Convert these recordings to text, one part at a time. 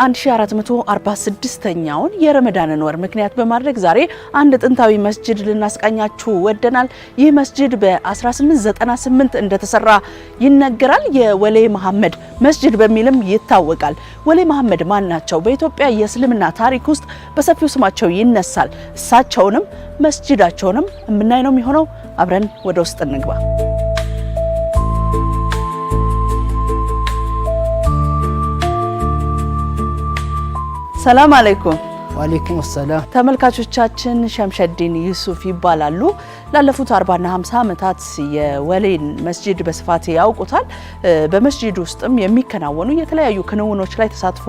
የ1446ኛውን የረመዳንን ወር ምክንያት በማድረግ ዛሬ አንድ ጥንታዊ መስጅድ ልናስቃኛችሁ ወደናል። ይህ መስጅድ በ1898 እንደተሰራ ይነገራል። የወሌ መሐመድ መስጅድ በሚልም ይታወቃል። ወሌ መሐመድ ማን ናቸው? በኢትዮጵያ የእስልምና ታሪክ ውስጥ በሰፊው ስማቸው ይነሳል። እሳቸውንም መስጅዳቸውንም የምናይ ነው የሚሆነው። አብረን ወደ ውስጥ እንግባ። সালাম আলাইকুম ዋሌኩም ሰላም። ተመልካቾቻችን ሸምሸዲን ዩሱፍ ይባላሉ። ላለፉት 40ና 50 ዓመታት የወሌን መስጂድ በስፋት ያውቁታል። በመስጂድ ውስጥም የሚከናወኑ የተለያዩ ክንውኖች ላይ ተሳትፎ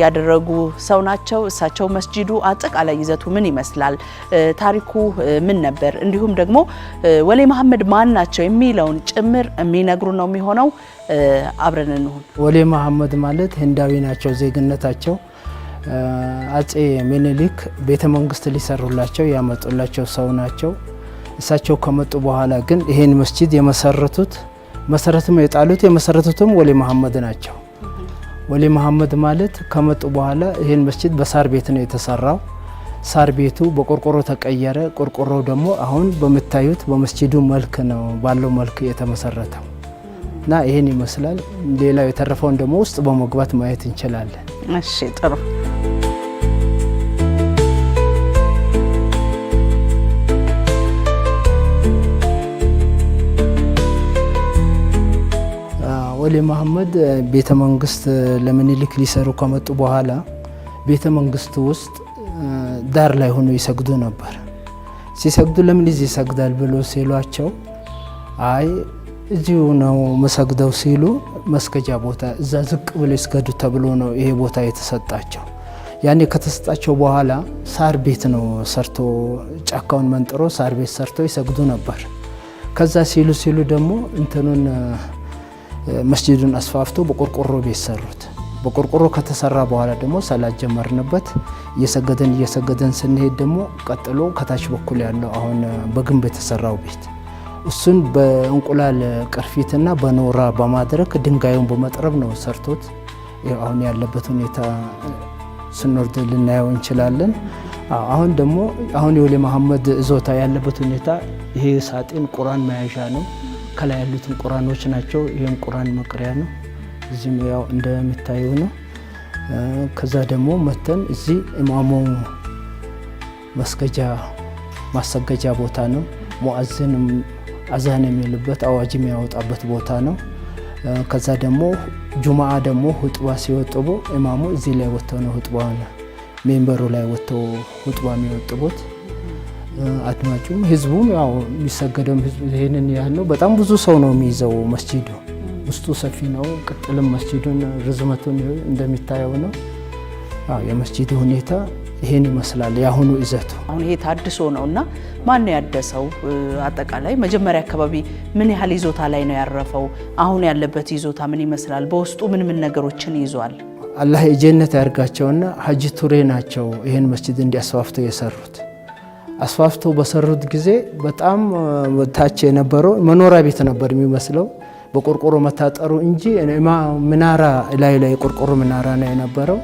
ያደረጉ ሰው ናቸው። እሳቸው መስጂዱ አጠቃላይ ይዘቱ ምን ይመስላል፣ ታሪኩ ምን ነበር፣ እንዲሁም ደግሞ ወሌ መሐመድ ማን ናቸው የሚለውን ጭምር የሚነግሩ ነው የሚሆነው። አብረን እንሁን። ወሌ መሐመድ ማለት ህንዳዊ ናቸው ዜግነታቸው አጼ ምኒልክ ቤተ መንግስት ሊሰሩላቸው ያመጡላቸው ሰው ናቸው። እሳቸው ከመጡ በኋላ ግን ይሄን መስጂድ የመሰረቱት መሰረትም የጣሉት የመሰረቱትም ወሊ መሐመድ ናቸው። ወሊ መሐመድ ማለት ከመጡ በኋላ ይህን መስጂድ በሳር ቤት ነው የተሰራው። ሳር ቤቱ በቆርቆሮ ተቀየረ። ቆርቆሮ ደግሞ አሁን በምታዩት በመስጂዱ መልክ ነው ባለው መልክ የተመሰረተው እና ይህን ይመስላል። ሌላው የተረፈውን ደግሞ ውስጥ በመግባት ማየት እንችላለን። እሺ ጥሩ ኦሌ መሐመድ ቤተ መንግስት ለምኒልክ ሊሰሩ ከመጡ በኋላ ቤተ መንግስት ውስጥ ዳር ላይ ሆኖ ይሰግዱ ነበር። ሲሰግዱ ለምን እዚህ ይሰግዳል ብሎ ሲሏቸው አይ እዚሁ ነው መሰግደው ሲሉ መስገጃ ቦታ እዛ ዝቅ ብሎ ይስገዱ ተብሎ ነው ይሄ ቦታ የተሰጣቸው። ያኔ ከተሰጣቸው በኋላ ሳር ቤት ነው ሰርቶ ጫካውን መንጥሮ ሳር ቤት ሰርተው ይሰግዱ ነበር። ከዛ ሲሉ ሲሉ ደግሞ እንትኑን መስጅዱን አስፋፍቶ በቆርቆሮ ቤት ሰሩት። በቆርቆሮ ከተሰራ በኋላ ደግሞ ሰላት ጀመርንበት። እየሰገደን እየሰገደን ስንሄድ ደግሞ ቀጥሎ ከታች በኩል ያለው አሁን በግንብ የተሰራው ቤት እሱን በእንቁላል ቅርፊትና በኖራ በማድረግ ድንጋዩን በመጥረብ ነው ሰርቶት አሁን ያለበት ሁኔታ ስንወርድ ልናየው እንችላለን። አሁን ደግሞ አሁን የወሌ መሐመድ ዞታ ያለበት ሁኔታ ይሄ ሳጥን ቁራን መያዣ ነው። ከላይ ያሉትን ቁራኖች ናቸው። ይህም ቁራን መቅሪያ ነው። እዚህም ያው እንደሚታየው ነው። ከዛ ደግሞ መተን እዚህ ኢማሙ መስገጃ ማሰገጃ ቦታ ነው። ሙአዝን አዛን የሚልበት አዋጅ የሚያወጣበት ቦታ ነው። ከዛ ደግሞ ጁማአ ደግሞ ሁጥባ ሲወጥቡ ኢማሙ እዚህ ላይ ወጥተው ነው ሁጥባ ሜምበሩ ላይ ወጥተው ሁጥባ የሚወጥቡት። አድማጩም ህዝቡም ያው የሚሰገደውም ህዝብ ይህንን ያህል ነው። በጣም ብዙ ሰው ነው የሚይዘው መስጂዱ። ውስጡ ሰፊ ነው። ቅጥልም መስጂዱን ርዝመቱን እንደሚታየው ነው። የመስጂዱ ሁኔታ ይሄን ይመስላል የአሁኑ ይዘቱ። አሁን ይሄ ታድሶ ነው እና ማን ነው ያደሰው? አጠቃላይ መጀመሪያ አካባቢ ምን ያህል ይዞታ ላይ ነው ያረፈው? አሁን ያለበት ይዞታ ምን ይመስላል? በውስጡ ምን ምን ነገሮችን ይዟል? አላህ የጀነት ያርጋቸውና ሀጂ ቱሬ ናቸው ይህን መስጂድ እንዲያስፋፍተው የሰሩት። አስፋፍተው በሰሩት ጊዜ በጣም ታች የነበረው መኖሪያ ቤት ነበር የሚመስለው በቆርቆሮ መታጠሩ እንጂ ምናራ ላይ ላይ የቆርቆሮ ምናራ ነው የነበረው።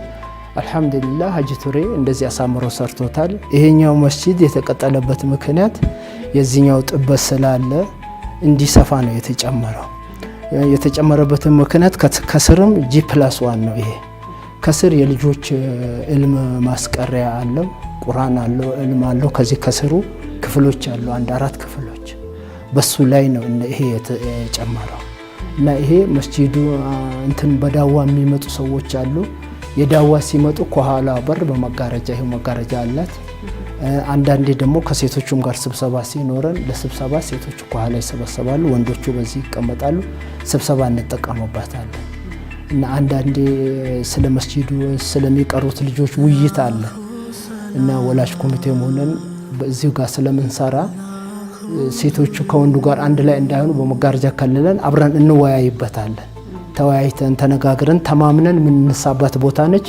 አልሐምዱሊላህ ሀጂ ቱሬ እንደዚህ አሳምሮ ሰርቶታል። ይሄኛው መስጂድ የተቀጠለበት ምክንያት የዚህኛው ጥበት ስላለ እንዲሰፋ ነው የተጨመረው። የተጨመረበትን ምክንያት ከስርም ጂ ፕላስ ዋን ነው። ይሄ ከስር የልጆች እልም ማስቀሪያ አለው። ቁርአን አለው እልም አለው። ከዚህ ከስሩ ክፍሎች አሉ፣ አንድ አራት ክፍሎች በሱ ላይ ነው ይሄ የተጨመረው እና ይሄ መስጂዱ እንትን በዳዋ የሚመጡ ሰዎች አሉ። የዳዋ ሲመጡ ከኋላ በር በመጋረጃ ይሄ መጋረጃ አላት። አንዳንዴ ደግሞ ከሴቶቹም ጋር ስብሰባ ሲኖረን ለስብሰባ ሴቶቹ ከኋላ ይሰበሰባሉ፣ ወንዶቹ በዚህ ይቀመጣሉ። ስብሰባ እንጠቀምባታለን እና አንዳንዴ ስለ መስጂዱ ስለሚቀሩት ልጆች ውይይት አለን። እና ወላጅ ኮሚቴ መሆነን በዚሁ ጋር ስለምንሰራ ሴቶቹ ከወንዱ ጋር አንድ ላይ እንዳይሆኑ በመጋረጃ ከልለን አብረን እንወያይበታለን። ተወያይተን ተነጋግረን ተማምነን የምንነሳበት ቦታ ነች።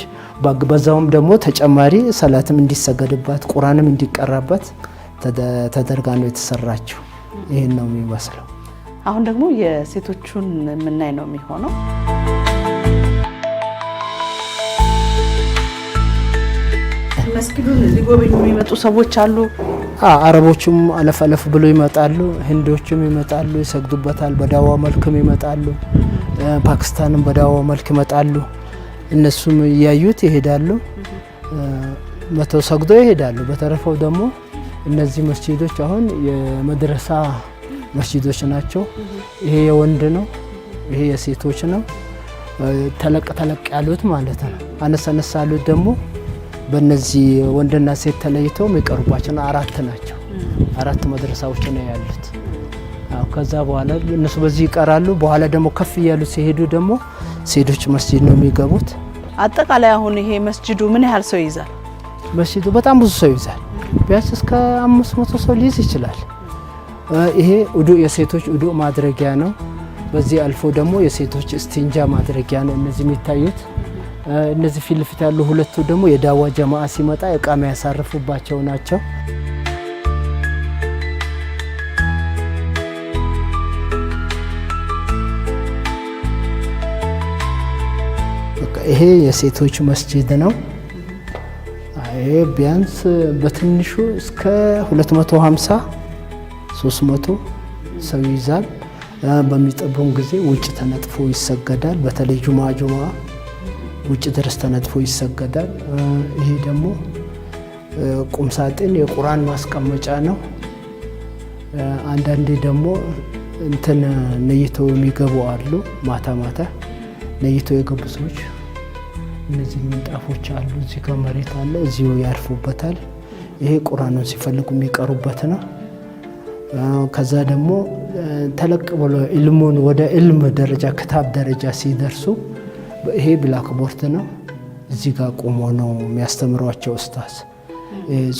በዛውም ደግሞ ተጨማሪ ሰላትም እንዲሰገድባት ቁራንም እንዲቀራበት ተደርጋ ነው የተሰራችው። ይህን ነው የሚመስለው። አሁን ደግሞ የሴቶቹን የምናይ ነው የሚሆነው። መስጊዱን ሊጎበኙ የሚመጡ ሰዎች አሉ። አረቦቹም አለፍ አለፍ ብሎ ይመጣሉ። ህንዶችም ይመጣሉ፣ ይሰግዱበታል። በዳዋ መልክም ይመጣሉ። ፓኪስታንም በዳዋ መልክ ይመጣሉ። እነሱም እያዩት ይሄዳሉ። መተው ሰግዶ ይሄዳሉ። በተረፈው ደግሞ እነዚህ መስጂዶች አሁን የመድረሳ መስጂዶች ናቸው። ይሄ የወንድ ነው፣ ይሄ የሴቶች ነው። ተለቅ ተለቅ ያሉት ማለት ነው። አነስ ያሉት ደግሞ በእነዚህ ወንድና ሴት ተለይተው የሚቀርቧቸው አራት ናቸው። አራት መድረሳዎች ነው ያሉት። ከዛ በኋላ እነሱ በዚህ ይቀራሉ። በኋላ ደግሞ ከፍ እያሉ ሲሄዱ ደግሞ ሴቶች መስጂድ ነው የሚገቡት። አጠቃላይ አሁን ይሄ መስጂዱ ምን ያህል ሰው ይይዛል? መስጂዱ በጣም ብዙ ሰው ይይዛል። ቢያንስ እስከ አምስት መቶ ሰው ሊይዝ ይችላል። ይሄ ውዱእ የሴቶች ውዱእ ማድረጊያ ነው። በዚህ አልፎ ደግሞ የሴቶች እስቲንጃ ማድረጊያ ነው። እነዚህ የሚታዩት እነዚህ ፊት ለፊት ያሉ ሁለቱ ደግሞ የዳዋ ጀማዓ ሲመጣ እቃ ያሳርፉባቸው ናቸው። ይሄ የሴቶች መስጂድ ነው። ይሄ ቢያንስ በትንሹ እስከ 250 300 ሰው ይይዛል። በሚጠበውም ጊዜ ውጭ ተነጥፎ ይሰገዳል። በተለይ ጁማ ጁማ ውጭ ድረስ ተነጥፎ ይሰገዳል። ይሄ ደግሞ ቁምሳጥን የቁራን ማስቀመጫ ነው። አንዳንዴ ደግሞ እንትን ነይተው የሚገቡ አሉ። ማታ ማታ ነይተው የገቡ ሰዎች እነዚህ ምንጣፎች አሉ። እዚህ ጋር መሬት አለ፣ እዚሁ ያርፉበታል። ይሄ ቁራኑን ሲፈልጉ የሚቀሩበት ነው። ከዛ ደግሞ ተለቅ ብሎ ኢልሙን ወደ ኢልም ደረጃ ክታብ ደረጃ ሲደርሱ ይሄ ብላክቦርድ ነው። እዚህ ጋር ቆሞ ነው የሚያስተምሯቸው ኡስታዝ።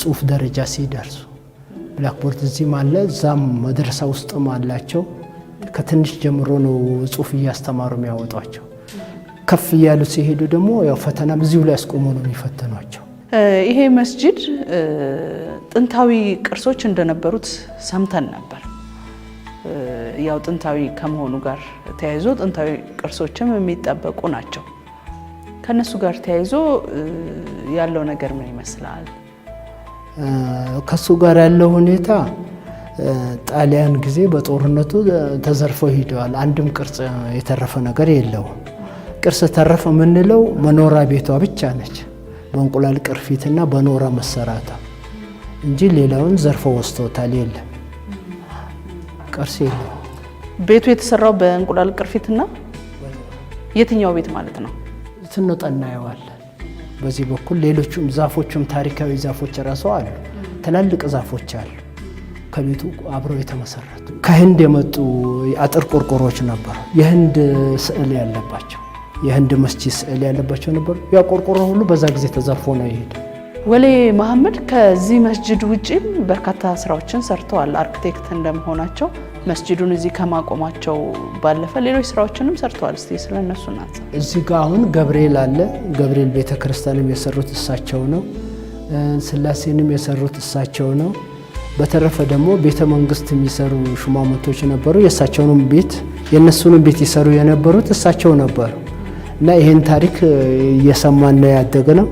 ጽሁፍ ደረጃ ሲደርሱ ብላክቦርድ እዚህም አለ፣ እዛም መድረሳ ውስጥም አላቸው። ከትንሽ ጀምሮ ነው ጽሁፍ እያስተማሩ የሚያወጧቸው። ከፍ እያሉ ሲሄዱ ደግሞ ያው ፈተና እዚሁ ላይ አስቆሞ ነው የሚፈተኗቸው። ይሄ መስጂድ ጥንታዊ ቅርሶች እንደነበሩት ሰምተን ነበር። ያው ጥንታዊ ከመሆኑ ጋር ተያይዞ ጥንታዊ ቅርሶችም የሚጠበቁ ናቸው። ከነሱ ጋር ተያይዞ ያለው ነገር ምን ይመስላል? ከሱ ጋር ያለው ሁኔታ ጣሊያን ጊዜ በጦርነቱ ተዘርፈው ሂደዋል። አንድም ቅርጽ የተረፈ ነገር የለውም። ቅርስ ተረፈ የምንለው መኖራ ቤቷ ብቻ ነች በእንቁላል ቅርፊትና በኖራ መሰራታ እንጂ ሌላውን ዘርፎ ወስቶታል። የለም ቅርስ የለም። ቤቱ የተሰራው በእንቁላል ቅርፊትና የትኛው ቤት ማለት ነው? ስንወጣ እናየዋለን። በዚህ በኩል ሌሎችም ዛፎችም ታሪካዊ ዛፎች ራሱ አሉ። ትላልቅ ዛፎች አሉ። ከቤቱ አብረው የተመሰረቱ ከህንድ የመጡ አጥር ቆርቆሮዎች ነበሩ። የህንድ ስዕል ያለባቸው የህንድ መስጂድ ስዕል ያለባቸው ነበሩ። ያ ቆርቆሮ ሁሉ በዛ ጊዜ ተዘርፎ ነው የሄደ ወሌ መሐመድ ከዚህ መስጅድ ውጪ በርካታ ስራዎችን ሰርተዋል። አርክቴክት እንደመሆናቸው መስጅዱን እዚህ ከማቆማቸው ባለፈ ሌሎች ስራዎችንም ሰርተዋል። እስቲ ስለ እነሱ ናት። እዚህ ጋ አሁን ገብርኤል አለ። ገብርኤል ቤተ ክርስቲያንም የሰሩት እሳቸው ነው። ስላሴንም የሰሩት እሳቸው ነው። በተረፈ ደግሞ ቤተ መንግስት የሚሰሩ ሹማምንቶች ነበሩ። የእሳቸውንም ቤት የእነሱንም ቤት ይሰሩ የነበሩት እሳቸው ነበሩ እና ይህን ታሪክ እየሰማን ነው ያደግ ነው።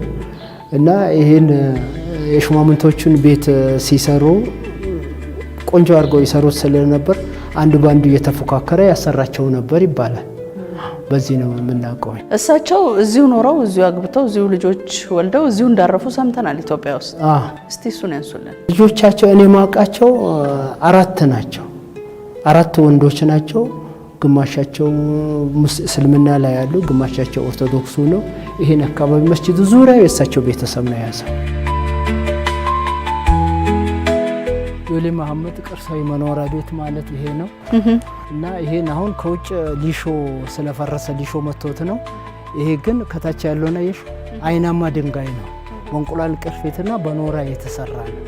እና ይህን የሹማምንቶቹን ቤት ሲሰሩ ቆንጆ አድርገው ይሰሩት ስለነበር አንዱ በአንዱ እየተፎካከረ ያሰራቸው ነበር ይባላል። በዚህ ነው የምናውቀው። እሳቸው እዚሁ ኖረው እዚሁ አግብተው እዚሁ ልጆች ወልደው እዚሁ እንዳረፉ ሰምተናል ኢትዮጵያ ውስጥ። እስቲ እሱን ያንሱልን። ልጆቻቸው እኔ ማውቃቸው አራት ናቸው። አራት ወንዶች ናቸው። ግማሻቸው እስልምና ላይ ያሉ፣ ግማሻቸው ኦርቶዶክሱ ነው። ይህን አካባቢ መስጅድ ዙሪያ የእሳቸው ቤተሰብ ነው የያዘው። ዶሌ መሐመድ ቅርሳዊ መኖሪያ ቤት ማለት ይሄ ነው እና ይሄን አሁን ከውጭ ሊሾ ስለፈረሰ ሊሾ መቶት ነው። ይሄ ግን ከታች ያለውና ይሽ አይናማ ድንጋይ ነው። በእንቁላል ቅርፊትና በኖራ የተሰራ ነው።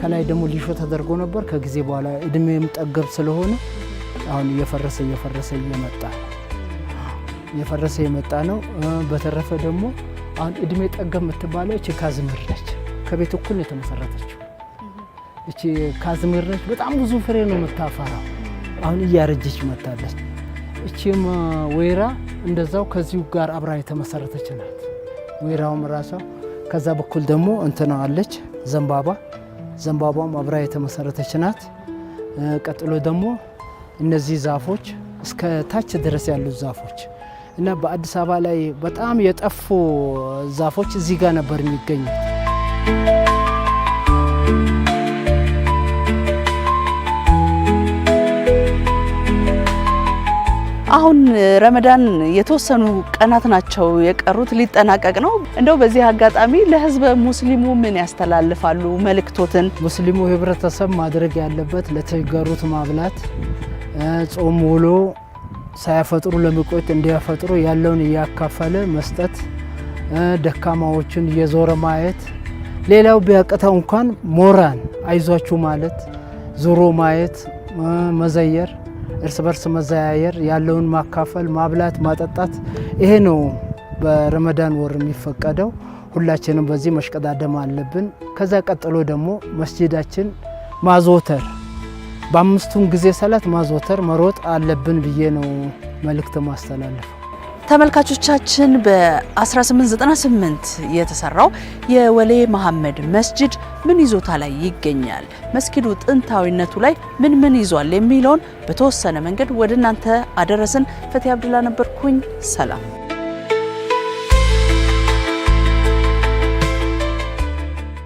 ከላይ ደግሞ ሊሾ ተደርጎ ነበር። ከጊዜ በኋላ እድሜም ጠገብ ስለሆነ አሁን እየፈረሰ እየፈረሰ እየመጣ እየፈረሰ የመጣ ነው። በተረፈ ደግሞ አሁን እድሜ ጠገብ የምትባለው እቺ ካዝምር ነች። ከቤት እኩል ነው የተመሰረተችው። እቺ ካዝምር ነች። በጣም ብዙ ፍሬ ነው የምታፈራው። አሁን እያረጀች መታለች። እቺም ወይራ እንደዛው ከዚሁ ጋር አብራ የተመሰረተች ናት። ወይራውም ራሷ ከዛ በኩል ደግሞ እንትና አለች ዘንባባ፣ ዘንባባም አብራ የተመሰረተች ናት። ቀጥሎ ደግሞ እነዚህ ዛፎች እስከ ታች ድረስ ያሉት ዛፎች እና በአዲስ አበባ ላይ በጣም የጠፉ ዛፎች እዚህ ጋር ነበር የሚገኙት። አሁን ረመዳን የተወሰኑ ቀናት ናቸው የቀሩት፣ ሊጠናቀቅ ነው። እንደው በዚህ አጋጣሚ ለህዝበ ሙስሊሙ ምን ያስተላልፋሉ መልእክቶትን? ሙስሊሙ ህብረተሰብ ማድረግ ያለበት ለተቸገሩት ማብላት ጾም ውሎ ሳያፈጥሩ ለመቆየት እንዲያፈጥሩ ያለውን እያካፈለ መስጠት፣ ደካማዎችን እየዞረ ማየት፣ ሌላው ቢያቅተው እንኳን ሞራን አይዟችሁ ማለት፣ ዞሮ ማየት፣ መዘየር፣ እርስ በርስ መዘያየር፣ ያለውን ማካፈል፣ ማብላት፣ ማጠጣት ይሄ ነው በረመዳን ወር የሚፈቀደው። ሁላችንም በዚህ መሽቀዳደም አለብን። ከዛ ቀጥሎ ደግሞ መስጂዳችን ማዞተር በአምስቱም ጊዜ ሰላት ማዘወተር መሮጥ አለብን ብዬ ነው መልእክት ማስተላለፍ። ተመልካቾቻችን በ1898 የተሰራው የወሌ መሐመድ መስጅድ ምን ይዞታ ላይ ይገኛል? መስጊዱ ጥንታዊነቱ ላይ ምን ምን ይዟል? የሚለውን በተወሰነ መንገድ ወደ እናንተ አደረስን። ፈትሄ አብድላ ነበርኩኝ። ሰላም